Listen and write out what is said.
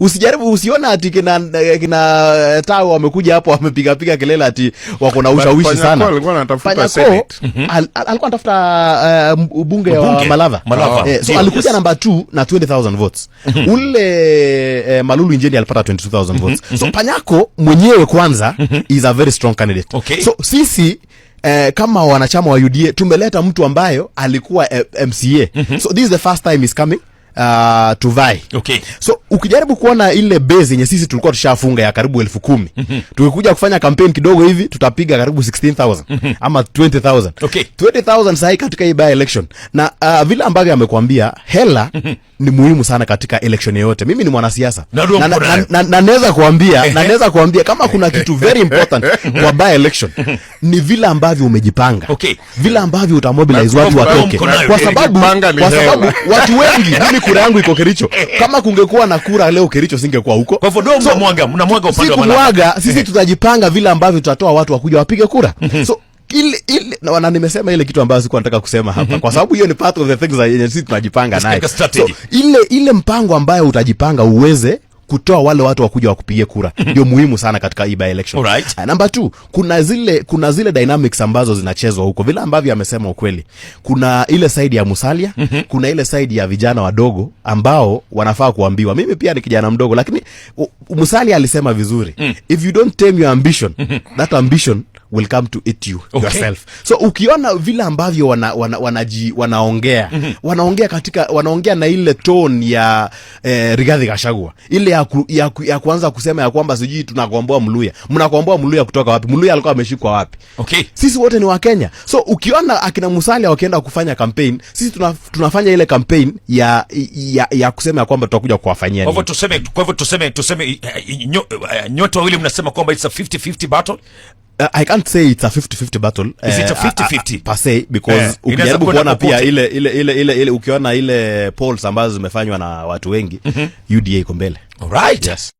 Usijaribu, usiona ati kina kina tao wamekuja hapo wamepigapiga kelele ati wako na ushawishi sana. Mhm. Alikuwa anatafuta senate, eh, alikuwa anatafuta bunge wa Malava, eh, so alikuja namba 2 na 20000 votes. Mhm. Ule eh, Malulu Injeni alipata 22000 votes. Mhm. So Panyako mwenyewe kwanza is a very strong candidate. So sisi Eh, kama wanachama wa UDA tumeleta mtu ambayo alikuwa MCA. mm -hmm. So this is the first time he's coming uh, tuvai Okay. So ukijaribu kuona ile base yenye sisi tulikuwa tushafunga ya karibu elfu kumi mm -hmm. tukikuja kufanya kampeni kidogo hivi tutapiga karibu 16000 mm -hmm. ama 20000 okay. 20000 sahi katika hii by election na uh, vile ambavyo amekuambia hela mm -hmm ni muhimu sana katika election yoyote. Mimi ni mwanasiasa na naweza na, na, kuambia na naweza kuambia kama kuna kitu very important kwa by election ni vile ambavyo umejipanga, okay, vile ambavyo utamobilize watu watoke, kwa sababu kwa sababu watu wengi, mimi kura yangu iko Kericho. Kama kungekuwa na kura leo Kericho singekuwa huko, kwa hivyo mnamwaga mnamwaga upande wa mwaga Sisi tutajipanga vile ambavyo tutatoa watu wakuja wapige kura so ilna nimesema ile kitu ambayo sikuwa nataka kusema hapa, mhm. kwa sababu hiyo ni part of the things that sisi tunajipanga naye. So, ile ile mpango ambayo utajipanga uweze kutoa wale watu wakuja wakupigie kura mhm. ndio muhimu sana katika hii by election. Right. Ah, number two, kuna zile kuna zile dynamics ambazo zinachezwa huko vile ambavyo amesema ukweli. Kuna ile side ya Musalia, mm-hmm. kuna ile side ya vijana wadogo ambao wanafaa kuambiwa. Mimi pia ni kijana mdogo, lakini Musalia alisema vizuri. mm. If you don't tame your ambition, mm-hmm. that ambition will come to eat you okay. yourself. So ukiona vile ambavyo wana, wana, wanaji, wanaongea mm -hmm. wanaongea katika wanaongea na ile tone ya eh, rigadhi kashagua ile ya, ku, ya, ku, ya kuanza kusema ya kwamba sijui tunakomboa Mluya, mnakomboa Mluya kutoka wapi? Mluya alikuwa ameshikwa wapi? Okay, sisi wote ni wa kenya So ukiona akina Musalia wakienda kufanya campaign, sisi tuna, tunafanya ile campaign ya, ya, ya kusema ya kwamba tutakuja kuwafanyia. Kwa hivyo tuseme, kwa hivyo tuseme, tuseme uh, nyote wawili mnasema kwamba it's a 50-50 battle Uh, I can't say it's a 50-50 battle. Is it a 50-50? Uh, per se because yeah. Ukijaribu kuona pia ile ile ile ile ile ukiona ile polls ambazo zimefanywa na watu wengi mm -hmm. UDA iko mbele. All right. Yes.